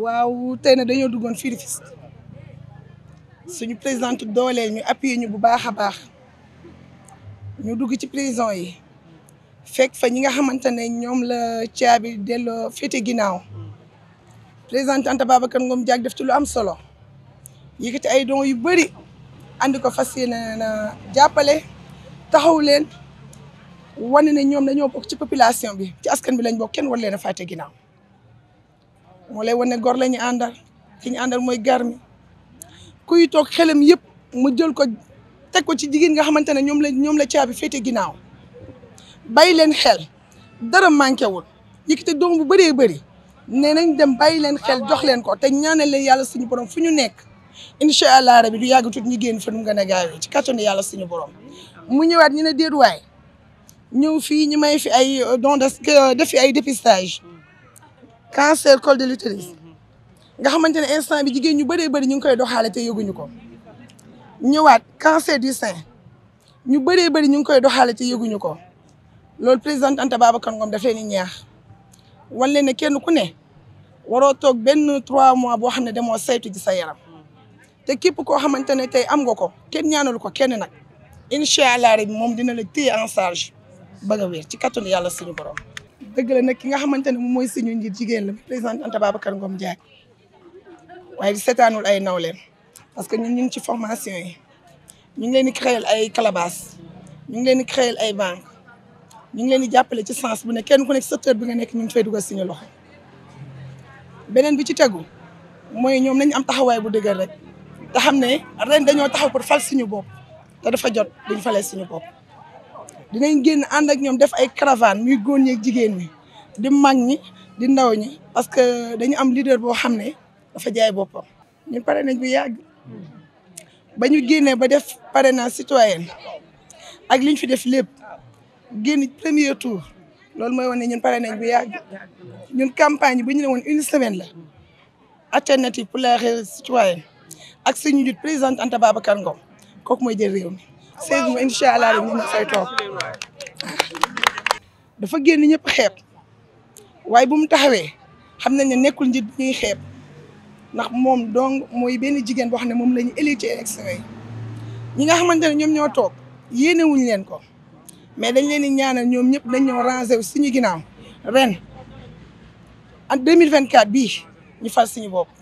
waaw tey na dañoo duggoon fii Rufisque suñu présidente doole ñu appuyé ñu bu baax a baax ñu dugg ci prison yi fekk fa ñi nga xamante ne ñoom la caabi delloo féete ginnaaw présidente Anta Babacar Ngom Diack def ci lu am solo yëkkati ay don yu bëri andi ko fas yéene na jàppale taxaw leen wane ne ñoom dañoo bokk ci population bi ci askan bi lañ bokk kenn war leen a fàtte ginnaaw moo wane gor la ñu àndal ki ñu àndal mooy garmi kuy toog xelam yëpp mu jël ko teg ko ci jigéen nga xamante ne ñoom la ñoom la caabi féete ginnaaw bay leen xel dara manqué wul yëkkate doom bu bëree bëri nee nañ dem bàyyi leen xel jox leen ko te ñaanal leen yàlla suñu borom fu ñu nekk incha allah rabi du yàgg tuuti ñi génn fa nu mu gën a gaawee ci kattanu yàlla suñu borom. mu ñëwaat ñu ne déet waay ñëw fii ñu may fi ay euh, don de def fi ay dépistage. cancer col de l'utérus nga xamante ne instant bi jigéen ñu bëree bëri ñu ngi koy doxale te yëguñu ko ñëwaat cancer du sein ñu bëree bëri ñu ngi koy doxale te yëguñu ko loolu président Anta Babacar Ngom daf ni ñaax wala ne kenn ku ne waroo toog benn trois mois boo xam ne demoo saytu ji sa yaram te képp koo xamante ne tey am nga ko kenn ñaanul ko kenn nag incha allah rek moom dina la téye en charge ba nga wér ci kattanu yàlla suñu borom. dëgg la nag ki nga xamante ne moom mooy suñu njiit jigéen la présidente Anta Babacar Ngom Diagne waaye di seetaanul ay nawleen parce que ñu ñu ngi ci formation yi ñu ngi leen di créer ay calabas ñu ngi leen di créer ay banques ñu ngi leen di jàppale ci sens bu ne kenn ku nekk secteur bi nga nekk ñu ngi fay dugal ñu loxo beneen bi ci tegu mooy ñoom nañu am taxawaay bu dëgër rek te xam ne ren dañoo taxaw pour fal suñu bopp te dafa jot duñ falee suñu bopp. dinañ génn ànd ak ñoom def ay caravane muy góor ñi ak jigéen ñi di mag ñi di ndaw ñi parce que dañu am leader boo xam ne dafa jaay boppam ñu pare nañ bu yàgg ba ñu génnee ba def parrainage citoyen ak liñ fi def lépp génn premier tour loolu mooy wane ñun pare nañ bu yàgg ñun campagne bu ñu ne woon une semaine la alternative pour la citoyenne ak suñu njiit président Anta Babacar Ngom kooku mooy jël réew mi 16 mois incha allah rek ñu ngi dafa génn ñëpp xeeb waaye bu mu taxawee xam nañ ne nekkul njit ñuy xeeb ndax moom donc mooy benn jigéen boo xam ne moom lañu ñu élire ci ñi nga xamante ne ñoom ñoo toog yéene wuñ leen ko mais dañ leen di ñaanal ñoom ñëpp dañ ñoo rangé wu suñu ginnaaw ren en 2024 bii ñu fal suñu bopp.